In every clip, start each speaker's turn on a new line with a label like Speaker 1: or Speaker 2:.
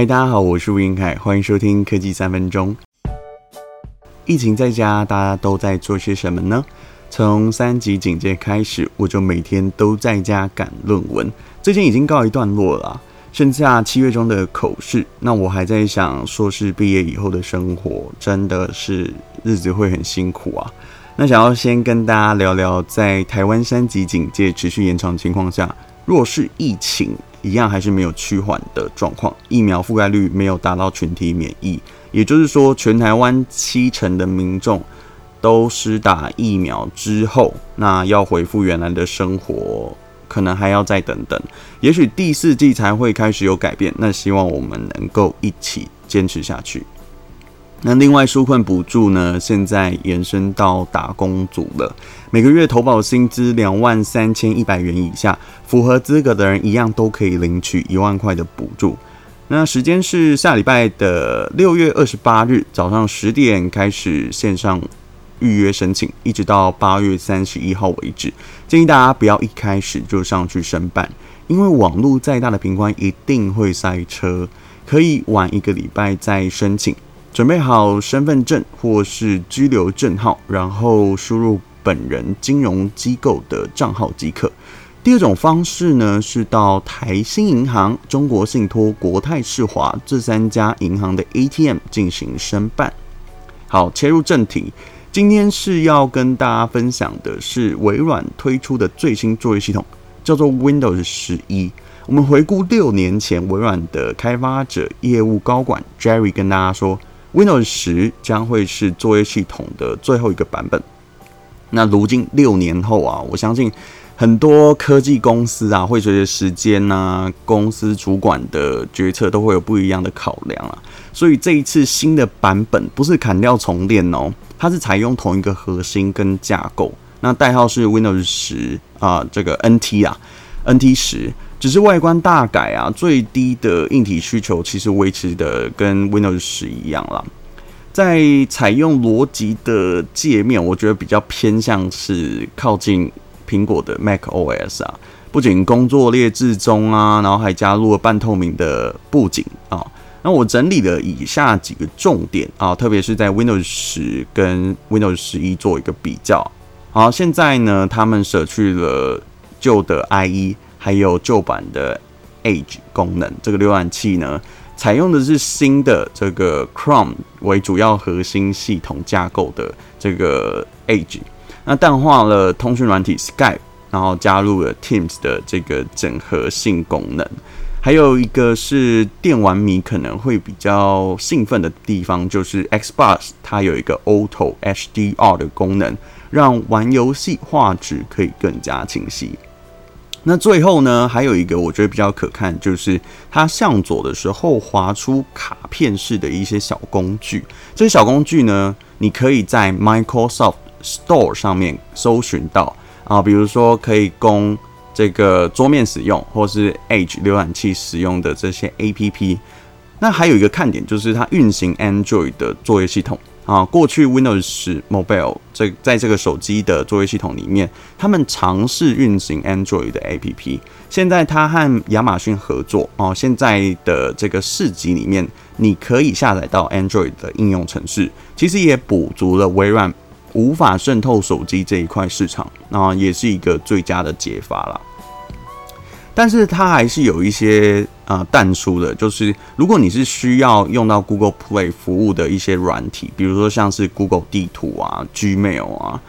Speaker 1: 嗨，大家好，我是吳英凱，歡迎收聽科技三分鐘。疫情在家，大家都在做些什麼呢？從三級警戒開始，我就每天都在家趕論文，最近已經告一段落了啊，剩下七月中的口試。那我還在想，碩士畢業以後的生活，真的是日子會很辛苦啊。那想要先跟大家聊聊，在台灣三級警戒持續延長情況下，若是疫情一樣還是沒有趨緩的狀況，疫苗覆蓋率沒有達到群體免疫，也就是說，全台灣七成的民眾都施打疫苗之後，那要恢復原來的生活，可能還要再等等，也許第四季才會開始有改變。那希望我們能夠一起堅持下去。那另外紓困補助呢？現在延伸到打工族了。每個月投保薪資兩萬三千一百元以下，符合資格的人一樣都可以領取一萬塊的補助。那時間是下禮拜的六月二十八日早上十點開始線上預約申請，一直到八月三十一號為止。建議大家不要一開始就上去申辦，因為網路再大的頻寬一定會塞車，可以晚一個禮拜再申請。準備好身份證或是居留證號，然後輸入本人金融機構的賬號即可。第二種方式呢，是到台新銀行、中國信托、國泰世華這三家銀行的 ATM 進行申辦。好，切入正題，今天是要跟大家分享的是微軟推出的最新作業系統，叫做 Windows 11。我們回顧六年前，微軟的開發者業務高管 Jerry 跟大家說。Windows 十將會是作業系統的最後一個版本。那如今六年後啊，我相信很多科技公司啊，會隨着時間吶、啊，公司主管的決策都會有不一樣的考量啊。所以這一次新的版本不是砍掉重練哦，它是採用同一個核心跟架構，那代號是 Windows 十啊，這個 NT 啊，NT 十，NT10，只是外觀大改啊，最低的硬體需求其實維持的跟 Windows 十一樣了。在採用邏輯的界面，我覺得比較偏向是靠近蘋果的 Mac OS 啊，不僅工作列置中啊，然後還加入了半透明的布景啊。那我整理了以下幾個重點啊，特別是在 Windows 10跟 Windows 11做一個比較。好，現在呢，他們捨去了舊的 IE，還有舊版的 Edge 功能，這個瀏覽器呢。採用的是新的這個 Chrome 為主要核心系統架構的這個 Edge，那淡化了通訊軟體 Skype，然後加入了 Teams 的這個整合性功能，還有一個是電玩迷可能會比較興奮的地方，就是 Xbox 它有一個 Auto HDR 的功能，讓玩遊戲畫質可以更加清晰。那最後呢，還有一個我覺得比較可看，就是它向左的時候滑出卡片式的一些小工具。這些小工具呢，你可以在 Microsoft Store 上面搜尋到啊，比如說可以供這個桌面使用，或是 Edge 瀏覽器使用的這些 A P P。那還有一個看點就是它運行 Android 的作業系統。啊，過去 Windows Mobile 這在這個手機的作業系統裡面，他們嘗試運行 Android 的 APP。現在它和亞馬遜合作哦、啊，現在的這個市集裡面，你可以下載到 Android 的應用程式。其實也補足了微軟無法滲透手機這一塊市場，那、啊、也是一個最佳的解法了。但是它還是有一些呃淡出的，就是如果你是需要用到 Google Play 服務的一些軟體，比如說像是 Google 地圖啊、Gmail 啊、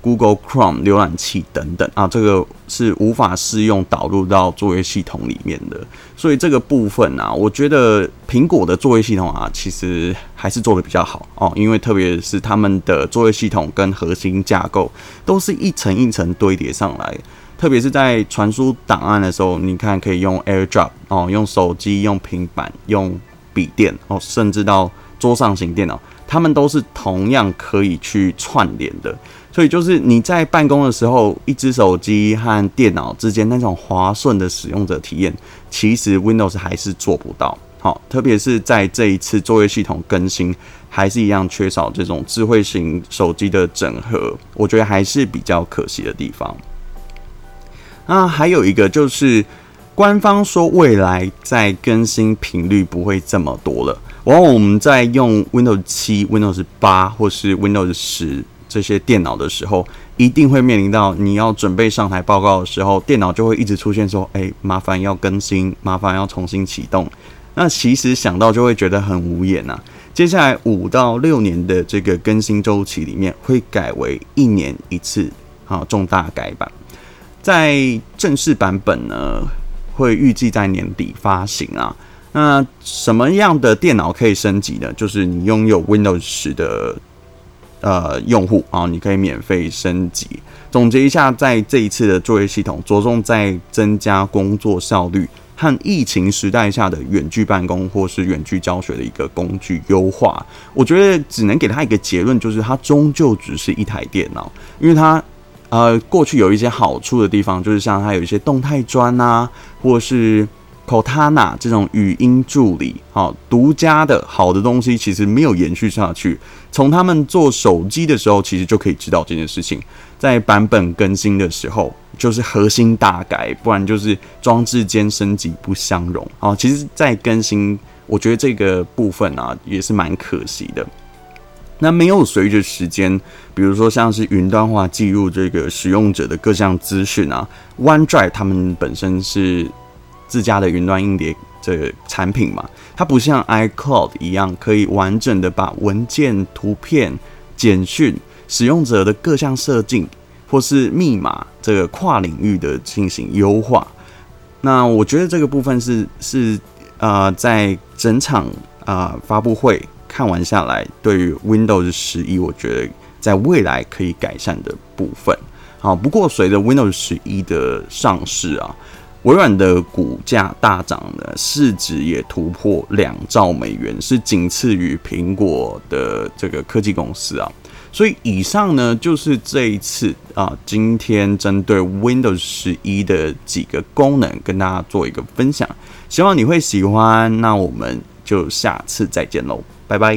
Speaker 1: Google Chrome 瀏覽器等等啊，這個是無法適用導入到作業系統裡面的。所以這個部分啊，我覺得蘋果的作業系統啊，其實還是做得比較好哦，因為特別是他們的作業系統跟核心架構都是一層一層堆疊上來。特別是在傳輸檔案的時候，你看可以用 AirDrop，哦，用手機、用平板、用筆電，哦，甚至到桌上型電腦，他們都是同樣可以去串聯的。所以就是你在辦公的時候，一只手機和電腦之間那種滑順的使用者體驗，其實 Windows 還是做不到。好，哦，特別是在這一次作業系統更新，還是一樣缺少這種智慧型手機的整合，我覺得還是比較可惜的地方。那、啊、還有一個就是，官方說未來在更新頻率不會這麼多了。往往我們在用 Windows 七、Windows 八或是 Windows 十這些電腦的時候，一定會面臨到你要準備上台報告的時候，電腦就會一直出現說：“哎、欸，麻煩要更新，麻煩要重新啟動。”那其實想到就會覺得很無言吶、啊。接下來五到六年的這個更新周期裡面，會改為一年一次啊重大改版。在正式版本呢，會預計在年底發行啊。那什麼樣的電腦可以升級呢？就是你擁有 Windows 10的呃用戶啊，你可以免費升級。總結一下，在這一次的作業系統着重在增加工作效率和疫情時代下的遠距辦公或是遠距教學的一個工具優化。我覺得只能給他一個結論，就是它終究只是一台電腦，因為它。呃，過去有一些好處的地方，就是像它有一些動態磚吶，或是 Cortana 這種語音助理，好、哦，獨家的好的東西，其實沒有延續下去。從他們做手機的時候，其實就可以知道這件事情，在版本更新的時候，就是核心大改，不然就是裝置間升級不相容。啊、哦，其實，在更新，我覺得這個部分啊，也是蠻可惜的。那沒有隨着時間，比如說像是雲端化記錄這個使用者的各項資訊啊，OneDrive 他們本身是自家的雲端硬碟這個產品嘛，它不像 iCloud 一樣可以完整的把文件、圖片、簡訊、使用者的各項設定或是密碼這個跨領域的進行優化。那我覺得這個部分是是啊、呃，在整場啊、呃、發布會。看完下來，對於 Windows 11，我覺得在未來可以改善的部分。好，啊，不過隨着 Windows 11的上市啊，微軟的股價大漲呢，市值也突破兩兆美元，是僅次於蘋果的這個科技公司啊。所以以上呢，就是這一次啊，今天針對 Windows 11的幾個功能跟大家做一個分享，希望你會喜歡。那我們就下次再見嘍。拜拜。